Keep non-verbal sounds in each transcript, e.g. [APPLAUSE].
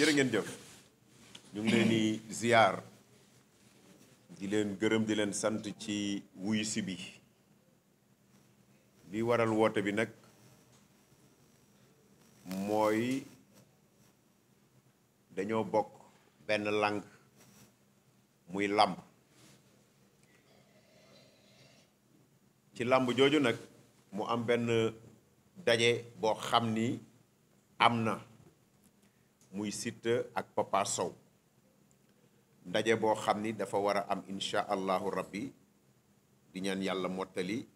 jërë ngeen jëf ñu ngi leen di ziar di leen gërëm di leen sant ci wuyu bi li waral woote bi nag mooy dañoo bokk benn làng muy làmb ci làmb jooju nag mu am benn daje boo xam ni am na muy Siteu ak Papa Sow ndaje boo xam ni dafa war a am incha allahu rabbi di ñaan yàlla mottali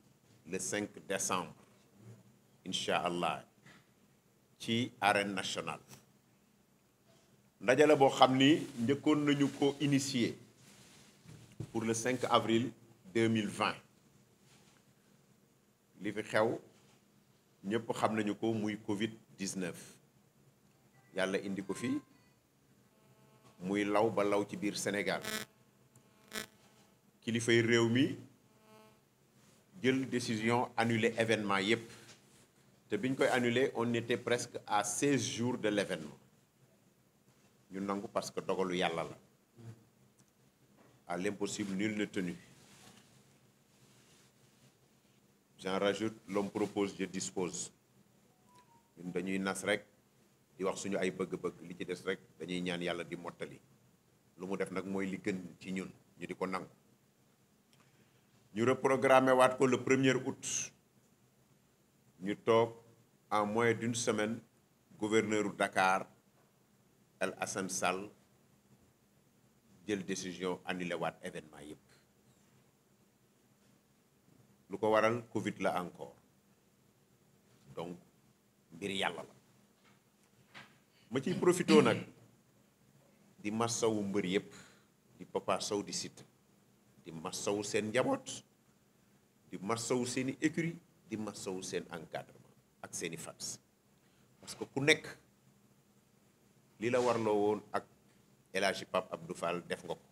le 5 décembre incha allah ci arène nationale ndajale boo xam ni njëkkoon nañu ko initier pour le 5 avril 2020 li fi xew ñëpp xam nañu ko muy Covid 19. yàlla indi ko fii muy law ba law ci biir Sénégal kilifay réew mi jël décision annuler événement yépp te biñ koy annuler on était presque à seize jours de l'événement ñu nangu parce que dogalu yàlla la à l'impossible nul n'est tenu j'en rajoute l'homme propose je dispose dañuy nas rek di wax suñu ay bëgg-bëgg li ci des rek dañuy ñaan yàlla di mottali lu mu def nag mooy li gën ci ñun ñu di ko nangu ñu reprogrammé waat ko le première août ñu toog en moins d'une semaine gouverneur u Dakar El Assane Sall jël décision annulé waat événement yëpp lu ko waral Covid la encore donc mbir yàlla la ma ciy profité nag di massawu mbër yépp di Papa Sow di sit di massawu seen njaboot di massawu seeni i écurie di massawu seen encadrement ak seeni fats parce que ku nekk li la warloo woon ak El Hadji ab Abdou def nga ko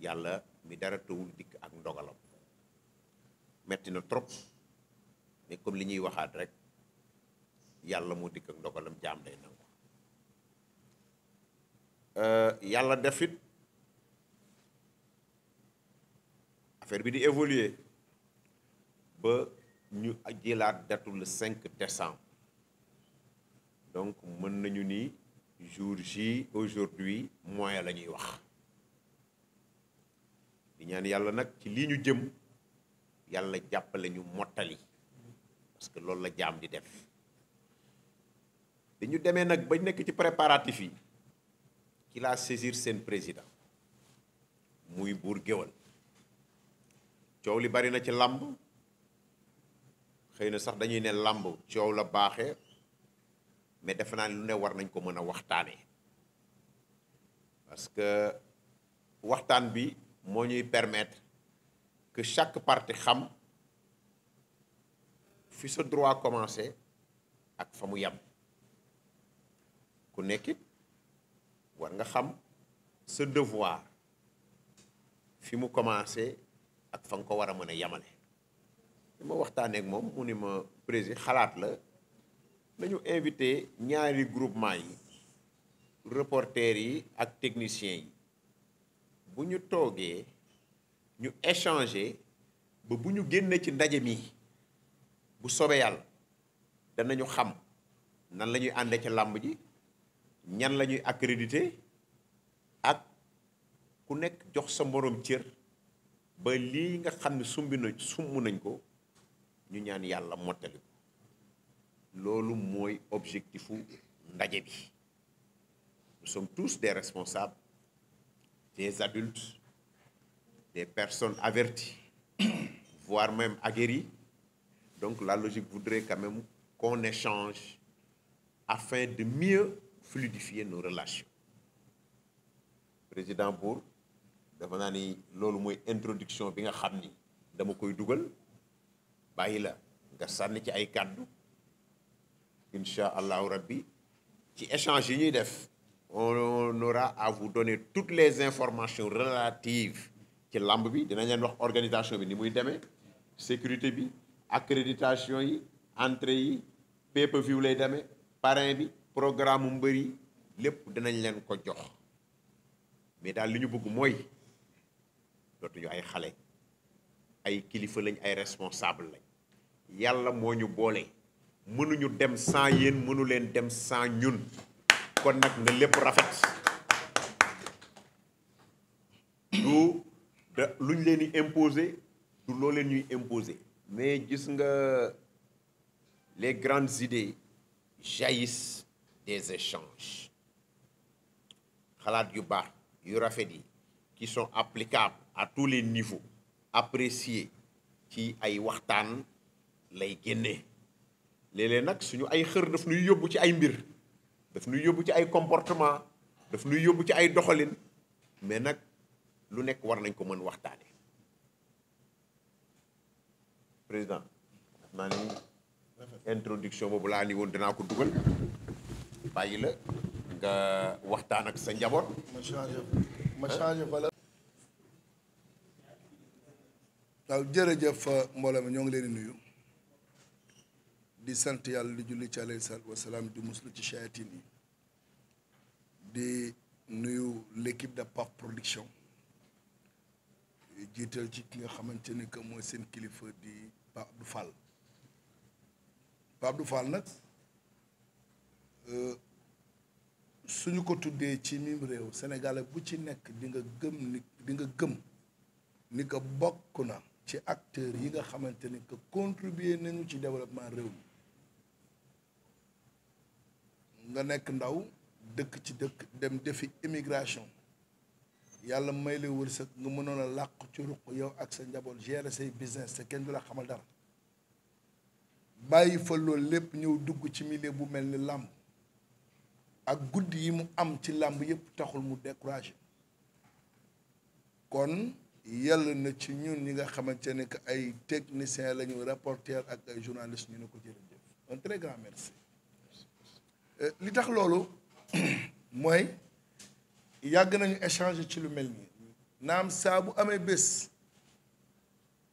yàlla mi dara tawul dikk ak ndogalam metti na trop mais comme li ñuy waxaat rek yàlla moo dikk ak ndogalam jaam day nangu euh, yàlla defit affaire bi di évoluer ba ñu ajilaat datu le 5 décembre donc mën nañu ni jour ji aujourd'hui moyen la ñuy wax di ñaan yàlla nag ci lii ñu jëm yàlla jàppale ñu mottali parce que loolu la jaam di def bi ñu demee nag bañ nekk ci préparatif yi ki laa saisir seen président muy buur géwal coow li bari na ci làmb xëy na sax dañuy ne làmb coow la baaxee mais defe naa ne lu ne war nañ ko mën a waxtaanee parce que waxtaan bi moo ñuy permettre que chaque parti xam fi sa droit commencé ak fa mu yem ku nekkit war nga xam sa devoir fi mu commencé ak fa nga ko war a mën a yamale ma waxtaaneek ak moom mu ni ma président xalaat la nañu invité ñaari groupement yi reporter yi ak technicien yi bu ñu toogee ñu échanger ba bu ñu génnee ci ndaje mi bu sobe yàlla danañu xam nan la ñuy àndee ca làmb ji ñan la ñuy accrédité ak ku nekk jox sa moroom cër ba lii nga xam ne sumbi sumb nañ ko ñu ñaan yàlla mottali ko loolu mooy objectifu ndaje bi nous sommes tous des responsables des adultes des personnes averties [COUGHS] voire même aguerries donc la logique voudrait quand même qu'on échange afin de mieux fluidifier nos relation président Bour dafa naa ni loolu mooy introduction bi nga xam ni dama koy dugal bàyyi la nga sànni ci ay kàddu incha allahu rabbi ci échange yi ñuy def on aura à vous donner toutes les informations relatives ci làmb bi dinañ leen wax organisation bi ni muy demee sécurité bi accréditation yi entrée yi pay-per-view lay demee parrain bi programme mu mbëri lépp dinañ leen ko jox mais daal li ñu bëgg mooy dootuñu ay xale ay kilifa lañ ay responsable lañ yàlla moo ñu boole mënuñu dem sans yéen mënu leen dem sans ñun kon nag na lépp rafet lu da luñ leen di imposer du loo leen ñuy imposer mais gis nga les grandes idées jaillissent des échanges xalaat yu baax yu rafet yi qui sont applicables à tous les niveaux appréciés ci ay waxtaan lay génne léeg-léeg nag suñu ay xër daf nuy yóbbu ci ay mbir daf nuy yóbbu ci ay comportement daf nuy yóbbu ci ay doxalin mais nag lu nekk war nañ ko mën waxtaane président naa introduction boobu laa ni woon danaa ko dugal bàyyi nga waxtaan ak sa njaboot. bala waaw jërëjëf euh, mbooloo mi ñoo ngi leen di nuyu di sant yàlla di julli ci alayhi salaatu wasalaam di muslu ci shayatin yi di nuyu l'équipe de Pape Production jiital ci ki nga xamante ni que mooy seen kilifa di Pape Abdou Fall Pape Abdou Fall nag. Euh, suñu ko tuddee ci mim réew sénégalais bu ci nekk di nga gëm ni di nga gëm ni ko bokk na ci acteur yi nga xamante ni que contribuer nañu ci développement réew mi nga nekk ndaw dëkk ci dëkk dem defi immigration yàlla may la wërsëg nga mënoon a làq ci ruq yow ak sa njaboot gérer say business te kenn du la xamal dara bàyyi fa loolu lépp ñëw dugg ci milieu bu mel ni làmb ak guddi yi mu am ci làmb yépp taxul mu découragé kon yàlla na ci ñun ñi nga xamante ne que ay techniciens la ñu rapporteur ak ay journalistes ñu ne ko jërëjëf un très euh, li tax loolu [CLEARS THROAT] mooy yàgg nañu échanger ci lu mel nii naam saa bu amee bés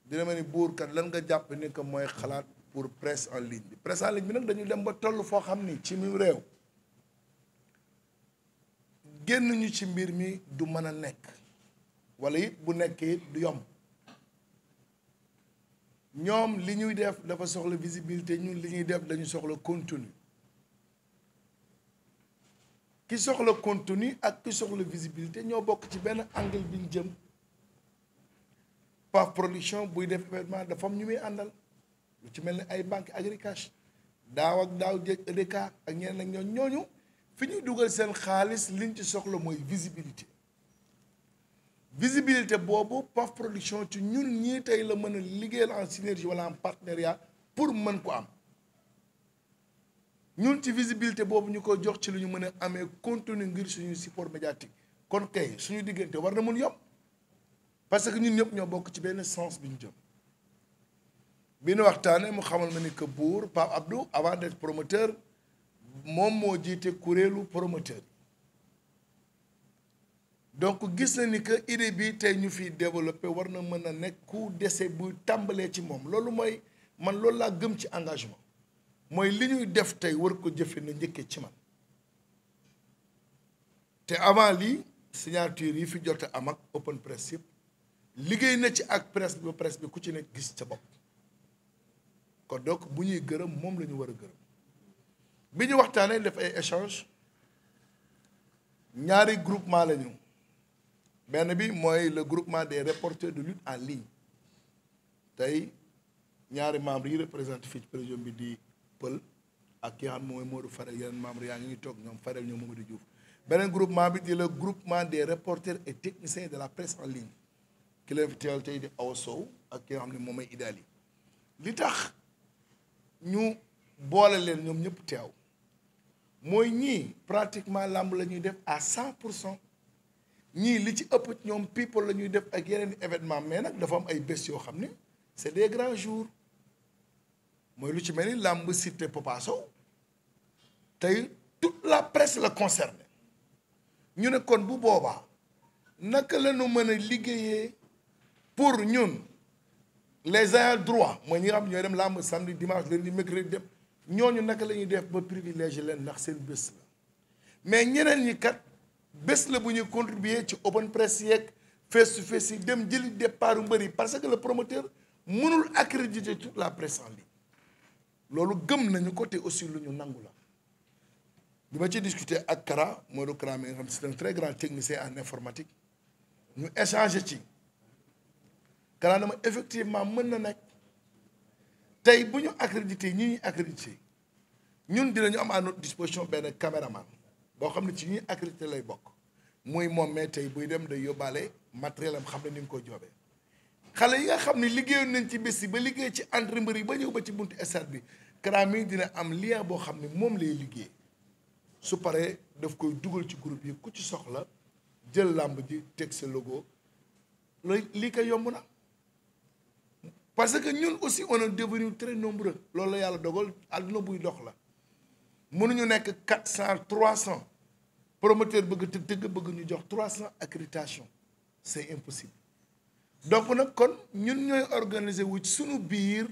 dina ma ni buur lan nga jàpp ni que mooy xalaat pour presse en ligne bi presse en ligne bi nag dañu dem ba toll foo xam ni ci mu réew génn ñu ci mbir mi du mën a nekk wala it bu nekkee du yomb ñoom li ñuy def dafa soxla visibilité ñun li ñuy def dañu soxla contenu ki soxla contenu ak ki soxla visibilité ñoo bokk ci benn angle bi jëm par production buy def événement dafa am ñu muy àndal lu ci mel ni ay banque agricash daaw ak daaw jëkk EDK ak ñeneen ak ñooñu fi ñuy dugal seen xaalis liñ ci soxla mooy visibilité visibilité boobu Paf Production ci ñun ñii tey la mën a liggéeyal en synergie wala en partenariat pour mën ko am ñun ci visibilité boobu ñu ko jox ci lu ñu mën a amee contenu ngir suñu support médiatique kon kay suñu diggante war na mun yom parce que ñun ñëpp ñoo bokk ci benn sens bi ñu jëm bi ñu waxtaanee mu xamal ma ni que buur Pape Abdou avant d'être promoteur moom moo jiite kuréelu promoteur donc gis na ni que idée bi tey ñu fiy développé war na mën a nekk ku dese buy tàmbalee ci moom loolu mooy man loolu laa gëm ci engagement mooy li ñuy def tey war ko jëfe na njëkkee ci man te avant lii signature yi fi jot am ak open presse liggéey na ci ak presse bi ba presse bi ku ci nekk gis ca bopp kon donc bu ñuy gërëm moom la ñu war a gërëm bi ñu waxtaanee def ay échange ñaari groupement la ñu benn bi mooy le groupement des reporters de lutte en ligne tey ñaari membres yi représenté fii ci président bi di Pël ak ki nga xam mooy Modou Farel yeneen membres yaa ngi toog ñoom Farel ñoom Mamadou Diouf beneen groupement bi di le groupement de reporters et techniciens de la presse en ligne ki leen fi teewal tey di aw Sow ak ki nga xam ne moom mooy Idali li tax ñu boole leen ñoom ñëpp teew mooy ñii pratiquement làmb la ñuy def à cent pour cent ñii li ci ëpp ñoom people la ñuy def ak yeneen événement mais nag dafa am ay bés yoo xam ne c'est des grands jours mooy lu ci mel ni làmb Siteu Papa Sow tey toute la presse la concerne ñu ne kon bu boobaa naka la ñu mën a liggéeyee pour ñun les ayants droit mooy ñu nga xam ñooy dem làmb samedi dimanche lundi mercredi dem ñooñu naka la ñuy def ba privilège leen ndax seen bés la mais ñeneen ñi kat bés la bu ñuy contribuer ci open press yeeg face to face yi dem jëli départu mbër yi parce que le promoteur mënul accréditer toute la presse en ligne loolu gëm nañu ko te aussi lu ñu nangu la bi ma ci discuter ak Kara Modou Kara mi nga xam c'est un grand technicien en informatique ñu échanger ci Kara dama effectivement mën na nekk tey bu ñu accrédité ñi ñuy accrédité ñun dinañu am à disposition benn caméraman boo xam ne ci ñu accrédité lay bokk muy moom mais tey buy dem day yóbbaale matériel am xam ne ni nga ko joobee xale yi nga xam ne liggéeyoon nañ ci bés yi ba liggéey ci entreprise yi ba ñëw ba ci buntu stade bi Kara mi dina am lien boo xam ne moom lay liggéey su paree daf koy dugal ci groupe yi ku ci soxla jël làmb ji teg sa logo looy lii ko yomb na parce que ñun aussi on a devenu très nombreux loolu la yàlla dogal àdduna buy dox la mënuñu nekk quatre cent trois cent promoteur bëgg të tëgg bëgg ñu jox trois cent accréditation c'est impossible donc nag kon ñun ñooy organiser wu ci suñu biir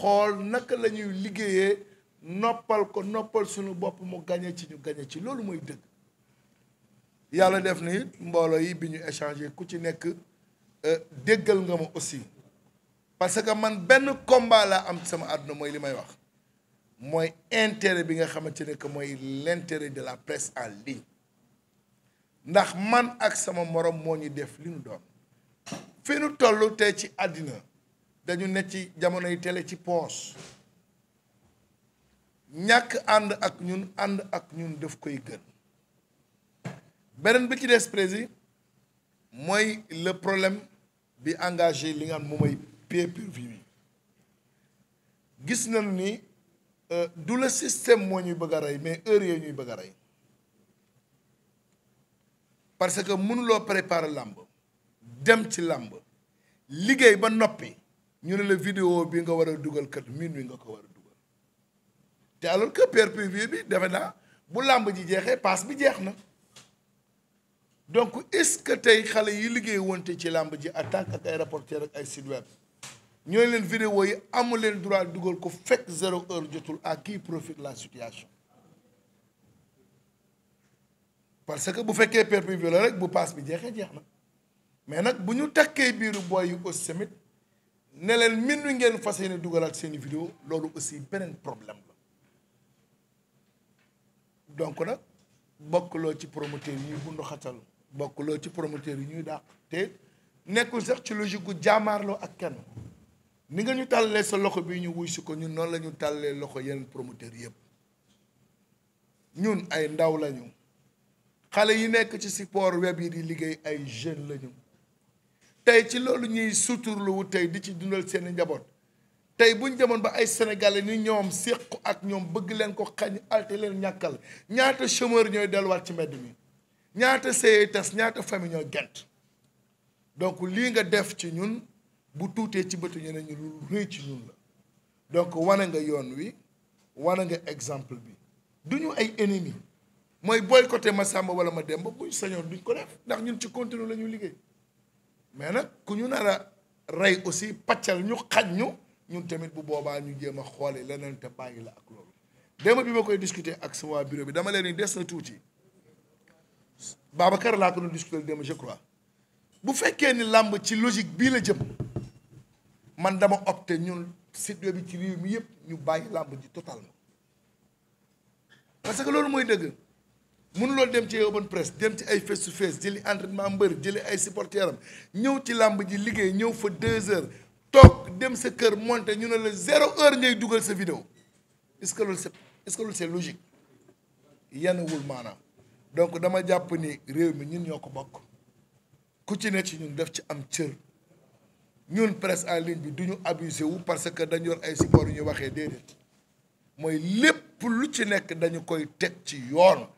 xool naka la ñuy liggéeyee noppal ko noppal suñu bopp mu gañe ci ñu gañe ci loolu mooy dëgg yàlla def na mbooloo yi bi ñu échangé ku ci nekk euh, déggal nga ma aussi parce que man benn combat laa am sama àdduna mooy li may wax mooy intérêt bi nga xamante ne que mooy l'intérêt de la presse en ligne ndax man ak sama morom moo ñu def li ñu doon fi ñu toll tey ci àddina dañu ne ci jamono yi télé ci poose ñàkk ànd ak ñun ànd ak ñun daf koy gën beneen bi ci des prési mooy le problème bi engagé li nga xam moom pay per view yi gis na ni euh, du la système moo ñuy bëgg a rey mais heure yooyu ñuy bëgg a rey parce que mënuloo préparer làmb dem ci làmb liggéey ba noppi ñu ne la video bi nga war a dugal kat minuit nga ko war a dugal te alors que per view bi defe naa bu làmb ji jeexee paas bi jeex na donc est-ce que tey xale yi liggéey wonte ci làmb ji attaque ak ay rapporteur ak ay site web ñoo leen vidéo yi amuleen leen droit dugal ko fekk zéro heure jotul ak kii profit la situation parce que bu fekkee perpétuel la rek bu paas bi jeexee jeex na mais nag bu ñu takkee biiru booy yu aussi tamit ne leen min wi ngeen fas yéene dugalaat seeni vidéo loolu aussi beneen problème la donc nag bokkuloo ci promoteur yi ñuy bundu xatal bokkuloo ci promoteur yi ñuy dàq te nekkul sax ci logique gu jaamaarloo ak kenn ni nga ñu tàllee sa loxo bi ñu wuy si ko ñun noonu la ñu tàllee loxo yenn promoteur yëpp ñun ay ndaw lañu xale yi nekk ci support web yi di liggéey ay jeunes lañu tey ci loolu ñuy sutur suturluwu tey di ci dundal seeni njaboot tey bu ñu demoon ba ay sénégalais ni ñoom séqu ak ñoom bëgg leen ko xañ alte leen ñàkkal ñaata chômeur ñooy delluwaat ci mbedd mi ñaata sëy tas ñaata famille ñooy gent donc lii nga def ci ñun bu tuutee ci bëtu ñeneen ñu lu rëy ci ñun la donc wane nga yoon wi wane nga exemple bi du ñu ay ennemi mooy boycotté ma sàmba wala ma demba buñ sañoon duñ ko def ndax ñun ci continue la ñuy liggéey mais nag ku ñu nar rey aussi paccal ñu xaj ñu ñun tamit bu boobaa ñu jéem a xoole leneen te bàyyi la ak loolu démb bi ma koy discuter ak sa waa bureau bi dama leen ni des na tuuti Babacar laa ko doon discuter démb je bu fekkee ni làmb ci logique bii la jëm man dama opté ñun séddoo bi ci réew mi yëpp ñu bàyyi làmb ji totalement parce que loolu mooy dëgg mënuloo dem ci open press dem ci ay face to face jëli entraînement mbër jëli ay supporter am ñëw ci làmb ji liggéey ñëw fa deux heures toog dem sa kër monté ñu ne la zéro heure ngay dugal sa vidéo est-ce que loolu c'est est-ce que maanaam donc dama jàpp ni réew mi ñun ñoo ko bokk ku ci ne ci ñun def ci am cër ñun presse en ligne bi du ñu abusé wu parce que dañu ay support yu ñu waxee déedéet mooy lépp lu ci nekk dañu koy teg ci yoon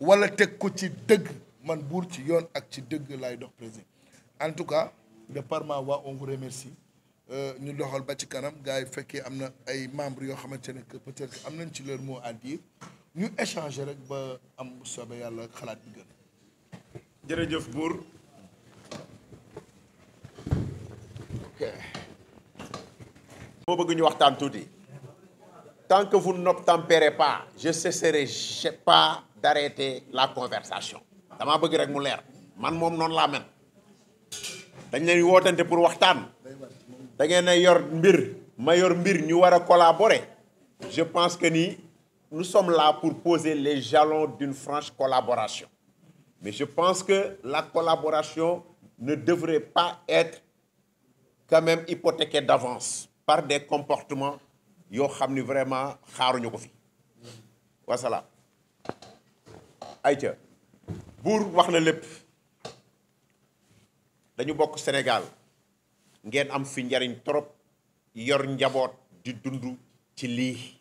wala teg ko ci dëgg man buur ci yoon ak ci dëgg laay dox président en tout cas de par waa on vous remercie euh, ñu doxal ba ci kanam gars yi fekkee am na ay membres yoo xamante ne que peut-être am nañ ci leur mot à dire ñu échanger rek ba am bu yàlla xalaat bi gën. jërëjëf buur. moo bëgg ñu waxtaan tuuti tant que vous n'obtempérez pas je cesserai pas d'arrêter la conversation dama bëgg rek mu leer man moom noonu laa mel dañ leen wootante pour waxtaan da ngeen yor mbir ma yor mbir ñu war a collaborer je pense que ni nous sommes la pour poser les jalons d'une franche collaboration mais je pense que la collaboration ne devrait pas être quand même hypothéqué d'avance par des comportement yoo xam ni vraiment xaaruñu ko fi wasalaam ca buur wax na lépp dañu bokk Sénégal ngeen am fi njariñ trop yor njaboot di dund ci lii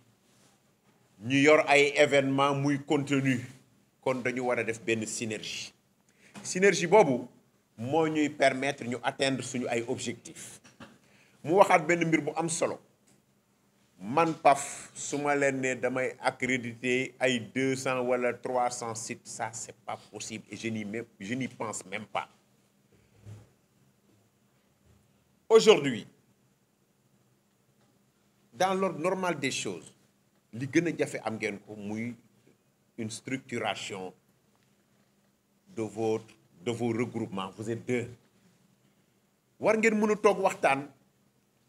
ñu yor ay événement muy contenu kon dañu war a def benn synergie synergie boobu moo ñuy permettre ñu atteindre suñu ay objectifs mu waxaat benn mbir mu am solo man PAF su ma leen ne damay accréditer ay deux cent wala trois cent sites ça c'est pas possible et je n'y même je n'y pense même pas aujourd'hui dans l'ordre normal des choses li gën a jafe am ngeen ko muy une structuration de votre de vos regroupements vous êtes deux war ngeen mën a toog waxtaan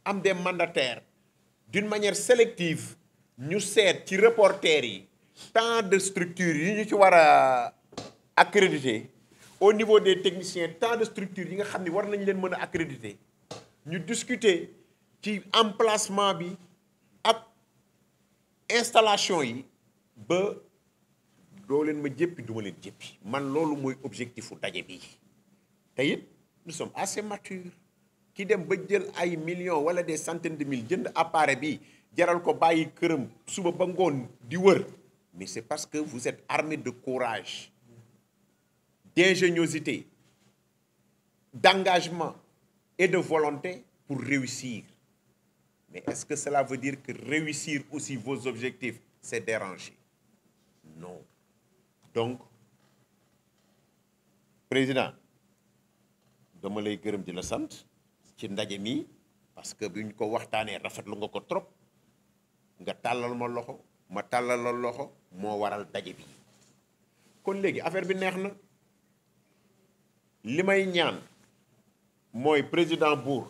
am de mandataires d'une manière sélective ñu seet ci reporter yi tant de structures yi ñu ci war a accrédité au niveau des techniciens tant de structures yi nga xam ni war nañ leen mën a accrédité ñu discuter ci emplacement bi ak installation yi ba doo leen ma jéppi du ma leen jéppi man loolu mooy objectifu daje bi te it nous sommes assez matures ki dem ba jël ay millions wala des centaines de mille jënd appareil bi jaral ko bàyyi këram suba ba ngoon di wër mais c'est parce que vous êtes armé de courage d'ingéniosité d'engagement et de volonté pour réussir mais est-ce que cela veut dire que réussir aussi vos objectifs c'est déranger non donc président dama lay gërëm di la sant ci ndaje mi parce que bi ñu ko waxtaanee rafet rafetlu nga ko trop nga tàllal ma loxo ma tàllal la loxo moo waral daje bi kon léegi affaire bi neex na li may ñaan mooy président Bour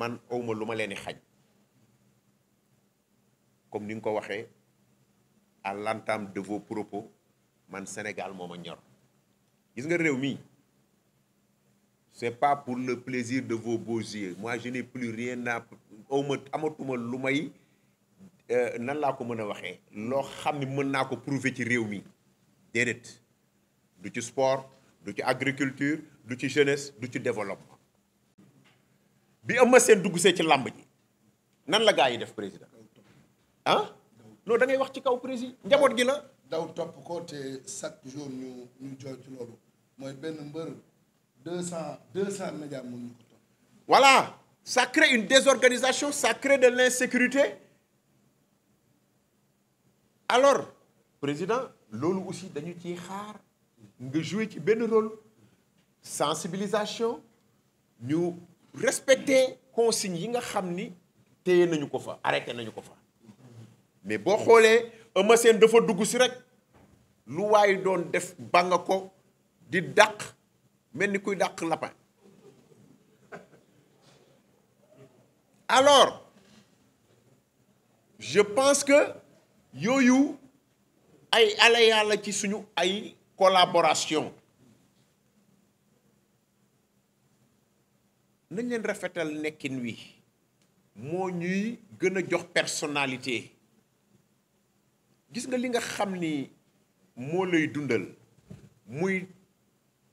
man awma lu ma leen di xaj comme ni nga ko waxee à l'entame de vos propos man Sénégal moo ma ñor gis nga réew mi c'est pas pour le plaisir de vos beaux yeux moi je n'ai plus rien à amatuma lu may euh, nan laa ko mën a waxee loo xam ni mën naa ko prouver ci réew mi déedéet du ci sport du ci agriculture du ci jeunesse du ci développement bi am ma seen dugg see ci làmb ji nan la gaa yi def président ah non da wax ci kaw président njaboot gi la daw topp ko te chaque jour ñu ñu jooy ci loolu mooy benn mbër deux cent deux cent média mun ñu ko topp voilà ça crée une désorganisation ça crée de l'insécurité alors président loolu aussi dañu ci xaar nga jouer ci benn rôle sensibilisation ñu respecter consignes yi nga xam ni téye nañu ko fa arrêté nañu ko fa mais boo xoolee Eumeu Sène dafa dugg si rek lu waaye doon def ba nga ko di dàq mel ni kuy dàq lapin alors je pense que yooyu ay ale yàlla ci suñu ay collaboration nañ leen rafetal nekkin wi moo ñuy gën a jox personnalité gis nga li nga xam ni moo lay dundal muy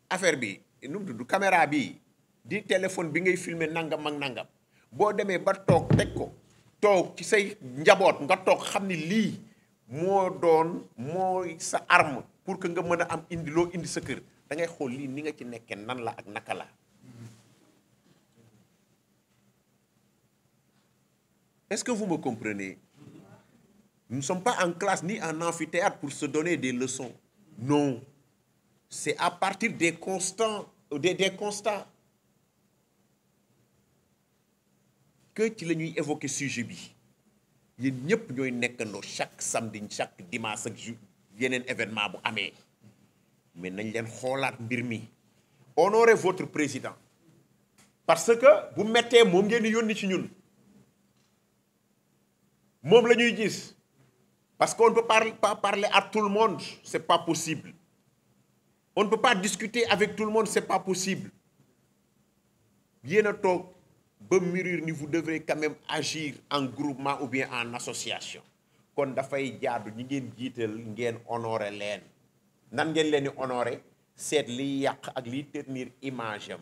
affaire bi nu mu tudd caméra bi di téléphone bi ngay filmer nangam ak nangam boo demee ba toog teg ko toog ci say njaboot nga toog xam ni lii moo doon mooy sa arme pour que nga mën a am indi loo indi sa kër da ngay xool lii ni nga ci nekkee nan la ak naka la est-ce que vous me comprenez Nous ne pas en classe ni en amphithéâtre pour se donner des leçons. Non. C'est à partir des, constants, euh, des, des constats que ci la ñuy évoquer sujet bi yéen ñëpp ñooy nekkandoo chaque samedi chaque dimanche ak ju yeneen événement bu amee mais nañ leen xoolaat mbir mi honorez votre président parce que bu mettee moom ngeen di yónni ci ñun moom lañuy ñuy gis Parce que ne peut pas, pas parler à tout le monde, ce n'est pas possible. On ne peut pas discuter avec tout le monde, ce n'est pas possible. Bien mais vous devrez quand agir en groupement ou bien en association. kon dafay jaadu ñi ngeen jiital ngeen honoré leen nan ngeen leen di honoré seet liy yàq ak liy ternir image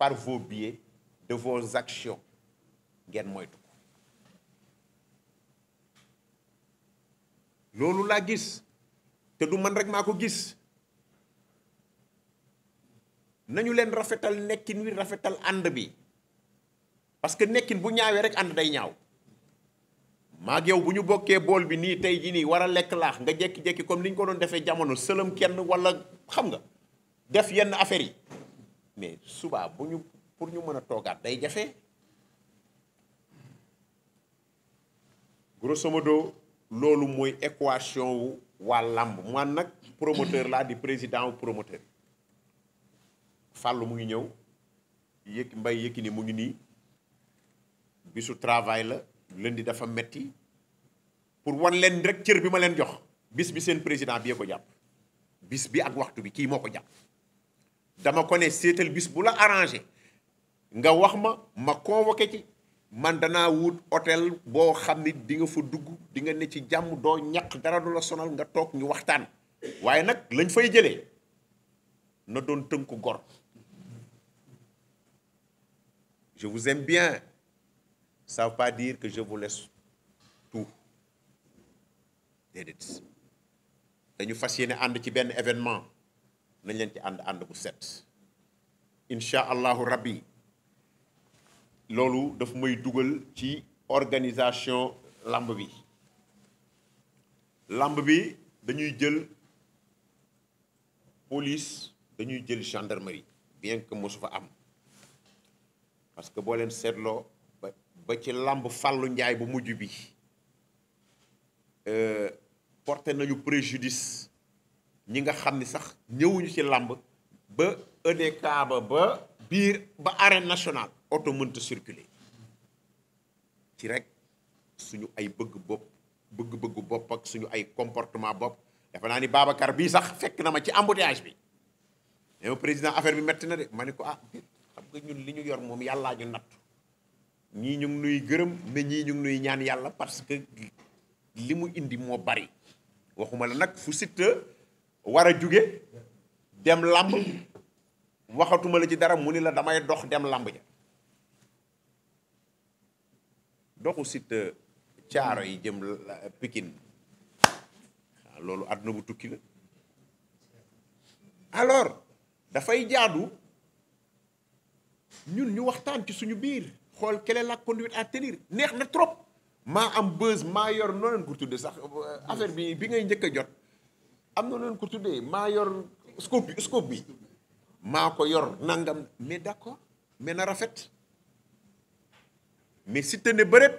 par vos biais de vos actions ngeen moytu ko loolu laa gis te du man rek maa ko gis nañu leen rafetal nekkin wi rafetal ànd bi parce que nekkin bu ñaawee rek ànd day ñaaw maag yow bu ñu bokkee bool bi nii tey jii nii war a lekk laax nga jékki-jékki comme ni ko doon defee jamono sëlëm kenn wala xam nga def yenn affaire yi mais suba bu ñu pour ñu mën a toogaat day jafe grosso modo loolu mooy équation wu waa làmb man nag promoteur laa di président wu promoteur fàllu mu ngi ñëw yëkk mbay yëkki ni mu ngi nii bisu travail la leen di dafa metti pour wan leen rek cër bi ma leen jox bis bi seen président bi ko jàpp bis bi ak waxtu bi kii moo ko jàpp dama ko ne seetal bis bu la arrangé nga wax ma ma convoqué ci man danaa wut hôtel boo xam ni di nga fa dugg di nga ne ci jàmm doo ñàq dara du la sonal nga toog ñu waxtaan waaye nag lañ fay jëlee na doon tënku gor je vous aime bien ça veut pas dire que je vous laisse tout déedéet dañu fas yéene ànd ci benn événement nañ leen ci ànd ànd bu set incha allahu rabbi loolu dafa may dugal ci organisation làmb bi làmb bi dañuy jël police dañuy jël gendarmerie bien que mosu fa am parce que boo leen seetloo ba ba ci làmb fàllu njaay bu mujj bi euh, porte nañu préjudice ñi nga xam ni sax ñëwuñu ci làmb ba EDK ba ba biir ba arène nationale oto mënta circuler ci rek suñu ay bëgg bopp bëgg-bëggu bopp ak suñu ay comportement bopp dafa naa ni Babacar bii sax fekk na ma ci embouteillage bi président affaire bi metti na ma ne ko ah xam nga ñun li ñu yor moom yàllaa ñu natt ñii ñu ngi nuy gërëm mais ñii ñu ngi nuy ñaan yàlla parce que li mu indi moo bari waxuma la nag fu Siteu war a jóge dem làmb waxatuma la ci dara mu ni la damay dox dem làmb ja doxu Siteu caaro yi jëm Pikine waaw loolu àdduna bu tukki la alors dafay jaadu ñun ñu waxtaan ci suñu biir xool quelle est la conduite à tenir neex na trop maa am buzz maa yor noo leen ko sax euh, affaire bi bi ngay njëkk a jot am na noo leen ko tuddee maa yor scope bi scope bi maa ko yor nangam mais d'accord mais na rafet mais Siteu ne bëreet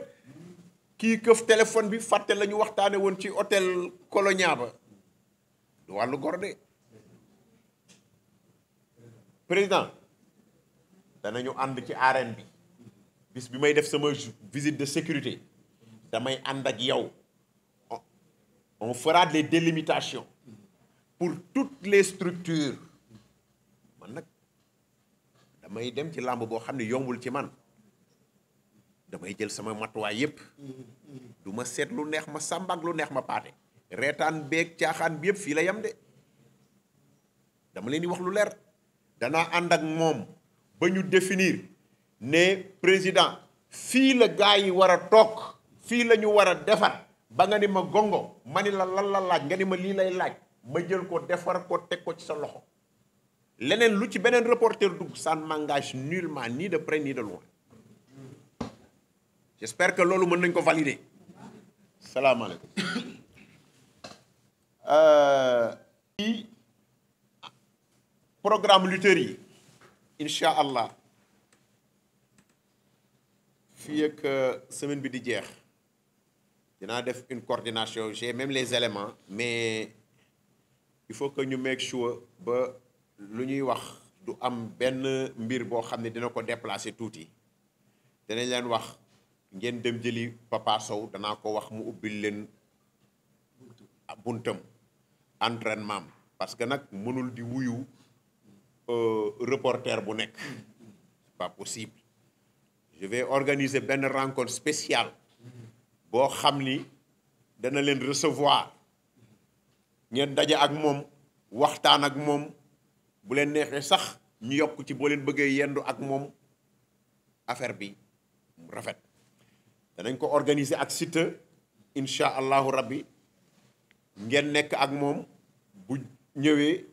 kii këf téléphone bi fàtte la ñu waxtaane woon ci hôtel Colonia ba du wàllu gorde président dana danañu ànd ci arène bi bis bi may def sama visite de sécurité damay ànd ak yow on fera des délimitations pour toutes les structures man nag damay dem ci làmb boo xam ne yombul ci man damay jël sama matuwaay yépp du ma seet lu neex ma sàmba lu neex ma paate reetaan beeg caaxaan bi yépp fii la yam de dama leen di wax lu leer danaa ànd ak moom ba ñu définir ne président fii la gaa yi war a toog fii la ñu war a defar ba nga ni ma gongo ma ni la lal lal laaj nga ni ma lii lay laaj ma jël ko defar ko teg ko ci sa loxo leneen lu ci beneen reporter dugg ça ne m'engage nullement ni de près ni de loin j'espère que loolu mën nañ ko valider salaamaaleykum [COUGHS] euh, ci programme lutteur yi incha allah fii ak euh, semaine bi di jeex dinaa def une coordination j'ai même les éléments mais il faut que ñu make sure ba lu ñuy wax du am benn mbir boo xam ne dina ko déplacer tuuti dinañ leen wax ngeen dem jëli Papa Sow danaa ko wax mu ubbil leen buntam entraînement parce que nag mënul di wuyu euh, reporter bu nekk c'est pas possible je vais organiser benn rencontre spécial boo xam ni dana leen recevoir ngeen daje ak moom waxtaan ak moom bu leen neexee sax ñu yokk ci boo leen bëggee yendu ak moom affaire bi rafet danañ ko organiser ak Siteu incha allahu rabbi ngeen nekk ak moom bu ñëwee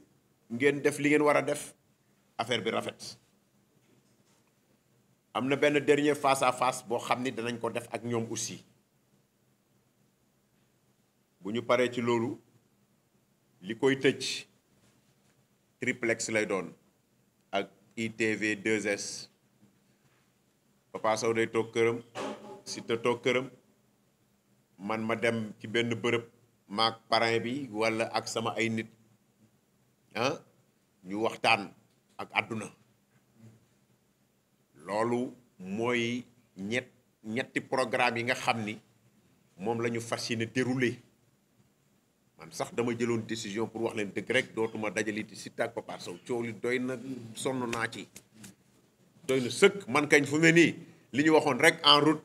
ngeen def li ngeen war a def affaire bi rafet. am na benn dernier face à face boo xam ni danañ ko def ak ñoom aussi bu ñu paree ci loolu li koy tëj triplex lay doon ak ITV 2S Papa Sow day toog këram. Siteu toog këram man ma dem ci benn bërëb maag parrain bi walla ak sama ay nit ah ñu waxtaan ak àdduna loolu mooy ñett ñetti programme yi nga xam ni moom la ñu fas yéene déroulé man sax dama jëloon décision pour wax leen dëgg rek dootuma dajali ci Siteu ak Papa Sow coow li doy na sonn naa ci doy na sëkk man kañ fu mu nii li ñu waxoon rek en route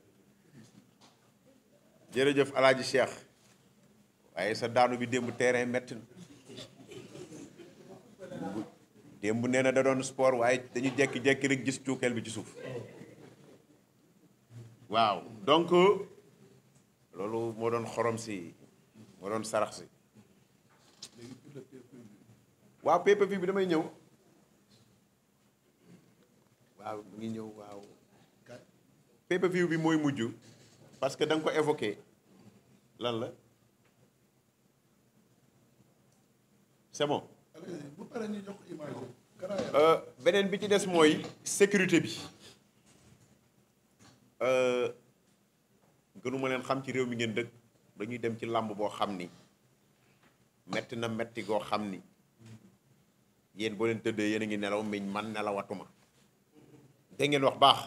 jërëjëf alaaji Cheikh waaye sa daanu bi démb terrain metti na démb nee na da doon sport waaye dañu jekki-jekki rek gis cuukeel bi ci suuf waaw donc loolu moo doon xorom si moo doon sarax si waaw PPV bi damay ñëw waaw mu ngi ñëw waaw bi mooy mujj parce que da ko évoqué lan la c'est euh, beneen bi ci des mooy sécurité bi euh, gënuma leen xam ci réew mi ngeen dëkk dañuy dem ci làmb boo xam ni metti na metti goo xam ni yéen boo leen tëddee yéen a ngi nelaw miñ man nelawatuma da ngeen wax baax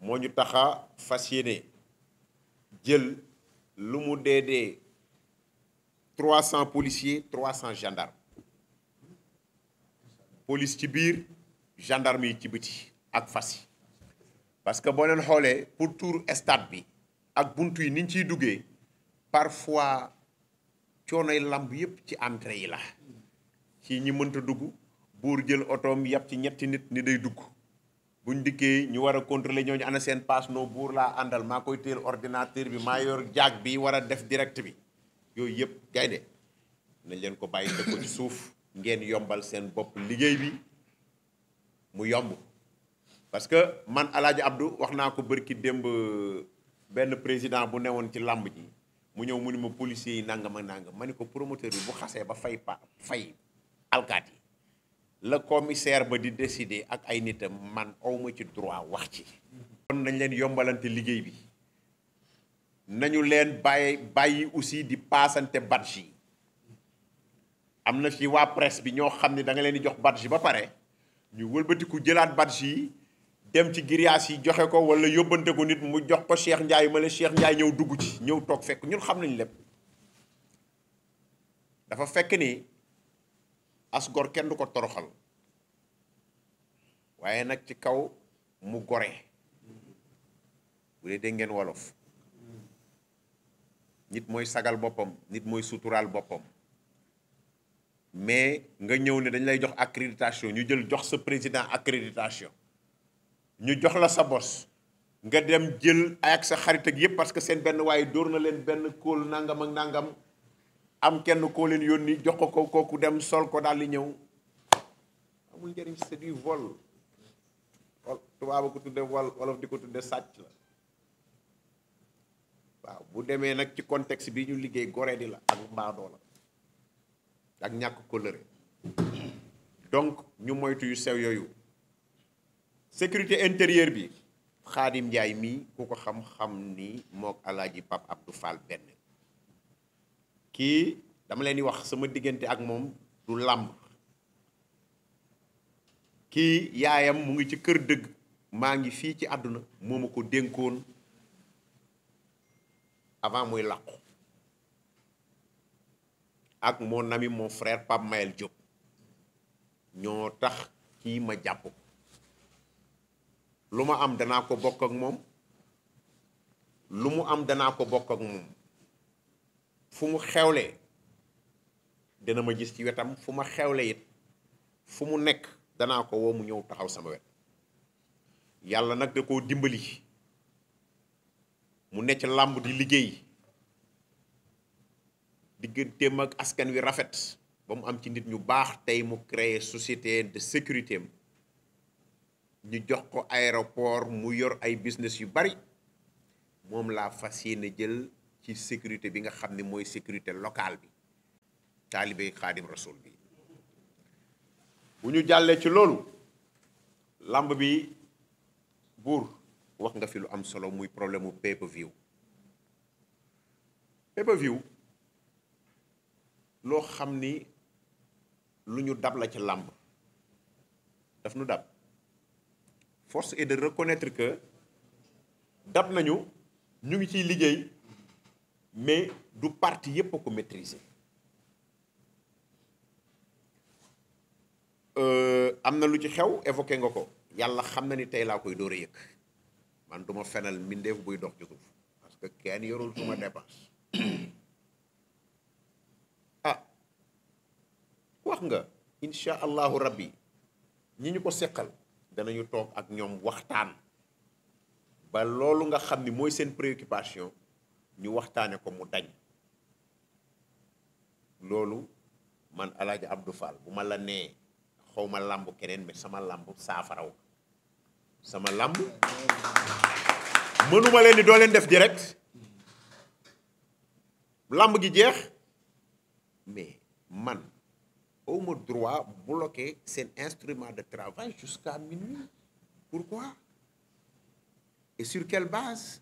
moo ñu taxa fas yéene jël lu mu dee dee trois cent policiers trois cent gendarmes police ci biir gendarme yi ci biti ak fas yi parce que boo leen xoolee pour tour estade bi ak buntu yi niñ ciy duggee parfois coonoy lamb yépp ci entrée yi la ci ñi mënta dugg buur jël otoom yàpp ci ñetti nit ni day dugg buñ dikkee ñu war a contrôler ñooñu ana seen passe noo buur laa àndal maa koy téel ordinateur bi maa yor jaag bi war a def direct bi yooyu yëpp gaynde nañ leen ko bàyyi te ko suuf ngeen yombal seen bopp liggéey bi mu yomb parce que man Alaaji abdu wax naa ko bërki démb benn président bu newoon ci làmb ji mu ñëw mu ni ma policiers yi nangam ak nangam ma ni ko promoteur bi bu xasee ba fay pa fay alkaat yi la commissaire ba di décider ak ay nitam man awma ci droit wax ci kon nañ leen yombalante liggéey bi nañu leen bàyyi bàyyi aussi di paasante badge yi am na ci waa presse bi ñoo xam ne danga leen di jox badge ba pare ñu wëlbatiku jëlaat badge yi dem ci grillage yi joxe ko wala yóbbante ko nit mu jox ko Cheikh Ndiaye ma la Cheikh Ndiaye ñëw dugg ci ñëw toog fekk ñun xam nañ lépp dafa fekk ni as gor kenn du ko toroxal waaye nag ci kaw mu gore bu dee dégg ngeen wolof nit mooy sagal boppam nit mooy suturaal boppam mais nga ñëw ni dañ lay jox accréditation ñu jël jox sa président accréditation ñu jox la sa bos nga dem jël ay ak sa xarit ak yépp parce que seen benn waaye dóor na leen benn kóol nangam ak nangam am kenn koo leen yónni jox ko ko kooku dem sol ko daal di ñëw amul njëriñ c'est du vol tubaab a ko tudde wal wolof di ko tudde sàcc la waaw bu demee nag ci contexte bi ñu liggéey gore di la ak mbaadoo la ak ñàkk kóllëre donc ñu moytu yu sew yooyu sécurité intérieur bi xaadim njaay mii ku ko xam-xam ni mook alaaji Pape Abdou Fall benn kii dama leen di wax sama diggante ak moom du làmb kii yaayam mu ngi ci kër dëgg maa ngi fii ci àdduna moom ma ko dénkoon avant muy làqu ak mon ami mon frère Pape Mayel Diop ñoo tax kii ma jàpp lu ma am danaa ko bokk ak moom lu mu am danaa ko bokk ak moom fu mu xewlee dina ma gis ci wetam fu ma xewle it fu mu nekk danaa ko woo mu ñëw taxaw sama wet yàlla nag da koo dimbali mu nekk làmb di liggéey digganteem ak askan wi rafet ba mu am ci nit ñu baax tey mu créer société de sécurité am ñu jox ko aéroport mu yor ay business yu bari moom laa fas yéene jël ci sécurité bi nga xam ni mooy sécurité locale bi taalibey xaadim rasul bi bu ñu jàllee ci loolu làmb bi buur wax nga fi lu am solo muy problème mu pay-per-view pay view loo xam ni lu ñu dab la ci làmb daf nu dab force et de reconnaître que dab nañu ñu ngi ciy liggéey mais du parti yépp a ko maîtriser euh, am na lu ci xew évoqué nga ko yàlla xam na ni tey laa koy door a yëg man du ma fenal mbindeef buy dox ci suuf parce que kenn yorul suma dépense [COUGHS] ah wax nga insha allahu rabbi ñi ñu ko seqal danañu toog ak ñoom waxtaan ba loolu nga xam ni mooy seen préoccupation ñu waxtaane ko mu dañ loolu man alaaji Abdou Fall bu ma la nee xaw ma làmb keneen mi sama làmb saafaraw sama làmb mënuma leen ni doo leen def direct làmb gi jeex mais man awma droit bloquer seen instrument de travail jusqu'à minuit pourquoi et sur quelle base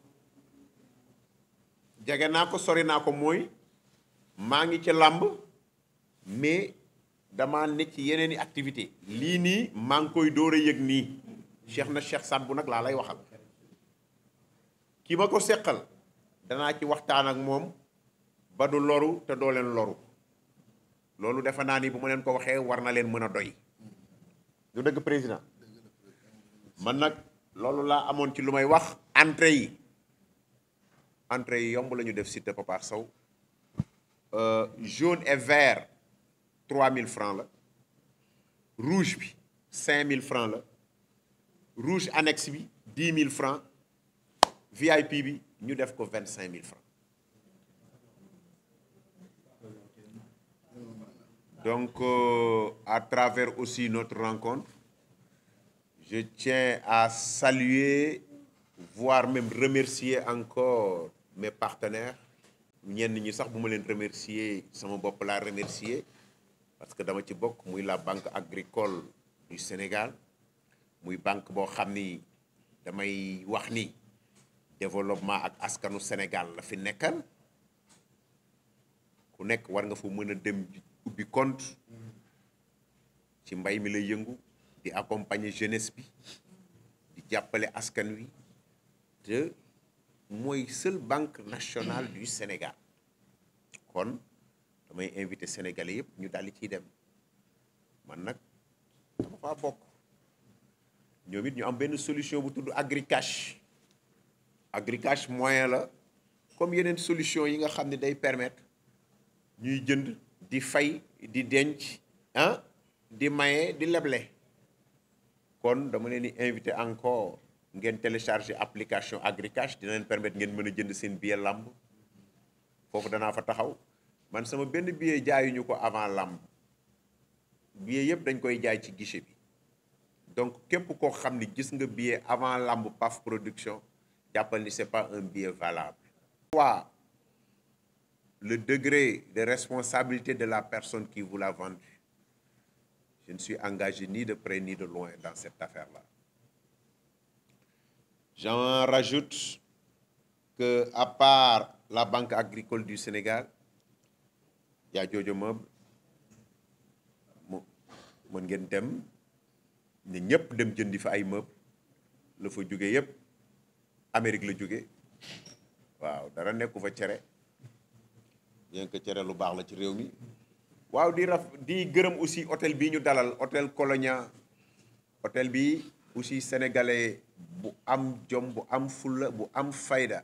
jege naa ko sori naa ko mooy maa ngi ci làmb mais dama nekk ci yeneen i activité lii nii maa ngi koy door a yëg nii Cheikh na Cheikh Saad bu nag laa lay waxal ki ma ko seqal danaa ci waxtaan ak moom ba du loru te doo leen loru loolu defe naa ni bu ma leen ko waxee war na leen mën a doy lu dëgg président man nag loolu laa amoon ci lu may wax entrée yi entrée yi yomb la ñu def Cité Popar Sow euh, jaune et vert mille francs la rouge bi cinq mille francs la rouge annexe bi 10 000 francs VIP bi ñu def ko 25 000 francs donc euh, à travers aussi notre rencontre je tiens à saluer voire même remercier encore mes partenaire ñenn ñi sax bu ma leen remercier sama bopp laa remercier parce que dama ci bokk muy la banque agricole du Sénégal muy banque boo xam ni damay wax ni développement ak askanu Sénégal la fi nekkal ku nekk war nga fa mën a dem ubbi compte ci mbay mi lay yëngu di accompagner jeunesse bi di jàppale askan wi te mooy seule banque nationale du Sénégal kon damay invité sénégalais yëpp ñu daal di ciy dem man nag dama faa bokk ñoom it ñu am benn solution bu tudd agricash agricash moyen la comme yeneen solution yi nga xam ne day permettre ñuy jënd di fay di denc ah di maye di leble kon dama leen di invité encore ngeen télécharger application Agricash dina leen permettre ngeen mën a jënd seen billet làmb foofu danaa fa taxaw man sama benn billet jaayuñu ko avant làmb billet yëpp dañ koy jaay ci guichet bi donc képp koo xam ni gis nga billet avant làmb PAF production jàppal ni c'est pas un billet valable. waa le degré de responsabilité de la personne qui vous l'a vendu je ne suis engagé ni de près ni de loin dans cette affaire-là. J'en rajoute que, à part la Banque agricole du Sénégal, yaa y a Jojo mën ngeen dem ne ñëpp dem jëndi fa ay meubles la fa jóge yëpp Amérique la jóge waaw dara nekku fa cere bien que cere lu baax la ci réew mi waaw di raf di gërëm aussi hôtel bi ñu dalal hôtel Colonia hôtel bi aussi sénégalais bu am jom bu am fulla bu am fayda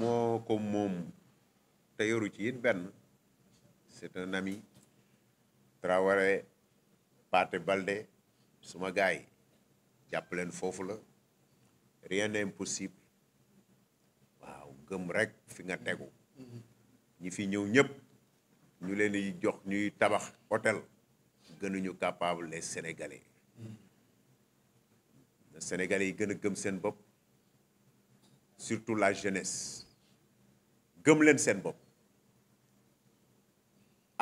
moo ko moom te yoru ci it benn c'est un ami Traoré Pathé Baldé suma gars yi jàpp leen foofu la rien n'est impossible waaw gëm rek fi nga tegu ñi fi ñëw ñëpp ñu leen jox ñuy tabax hôtel gënuñu capable les Sénégalais Sénégalais yi gën a gëm seen bopp surtout la jeunesse gëm leen seen bopp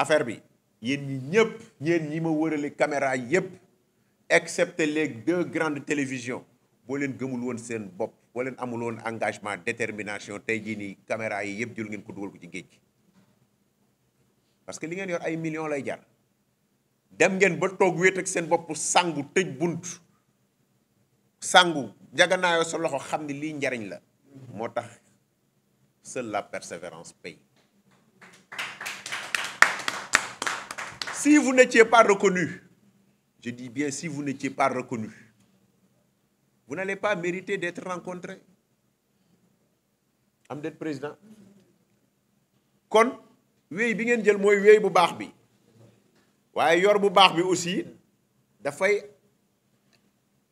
affaire bi yéen ñi ñëpp yéen ñi ma wërale caméra yëpp excepté les deux grandes télévisions boo leen gëmul woon seen bopp boo leen amul woon engagement détermination tey jii nii caméra yi yëpp jël ngeen ko dugal ko ci géej gi parce que li ngeen yor ay millions lay jar dem ngeen ba toog wéet ak seen bopp sangu tëj bunt sangu njaganaayoo sa loxo xam ni lii njariñ la moo tax seule la persévérance paye si vous n'étiez par reconnu je di bien si vous n'étiez pas reconnu vous n'allez pas mériter d'être rencontré am de président kon wéy bi ngeen jël mooy wéy bu baax bi waaye yor bu baax bi aussi dafay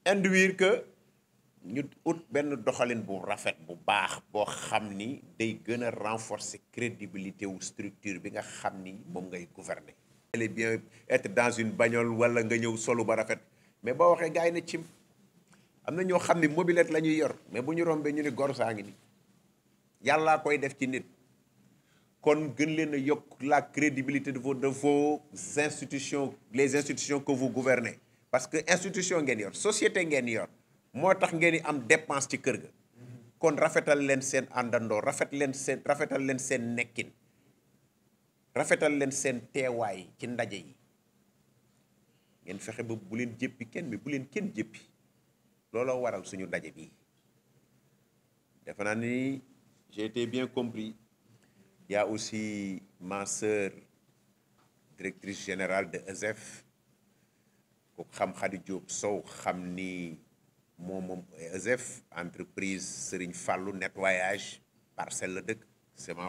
induire que ñu ut benn doxalin bu rafet bu baax boo xam ni day gën a renforcer crédibilité wu structure bi nga xam ni moom ngay gouverner. elle bien être dans une bagnole wala nga ñëw solo ba rafet mais boo waxee gars yi am na ñoo xam ni mobilette la ñuy yor mais bu ñu rombee ñu ne gor saa ngi ni yàllaa koy def ci nit kon gën leen a yokk la crédibilité de vos de vos institutions les institutions que vous gouvernez parce que institution ngeen yor société ngeen yor moo tax ngeen am dépense ci kër ga kon rafetal leen seen àndandoo rafet leen seen rafetal leen seen nekkin rafetal leen seen teewaay ci ndaje yi ngeen fexe ba bu leen jëppi kenn bi bu leen kenn jëppi looloo waral suñu ndaje bi defe naa ni j'ai été bien compris yaa aussi ma sœur directrice générale de ESEF ko xam Khady Diop Sow xam ni moom moom ESF entreprise Serigne Fallou nettoyage parcelle la dëkk c'est ma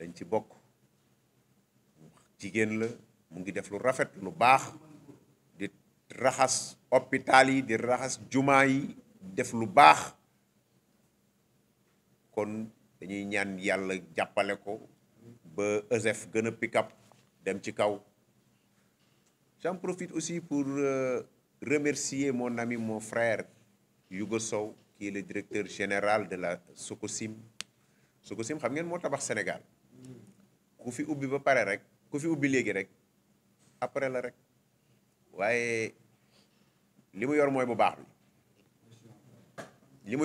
dañ ci bokk jigéen la mu ngi def lu rafet lu baax di raxas hôpital yi di raxas jumaa yi def lu baax kon dañuy ñaan yàlla jàppale ko ba ESF gën pick up dem ci kaw J'en profit aussi pour euh, remercier mon ami, mon frère Yougo Sow, qui le directeur général de la Socosim. Socosim, xam ngeen moo tabax Sénégal ku fi ubbi ba pare rek ku fi ubbi léegi rek après la rek waaye li mu yor mooy bu baax bi.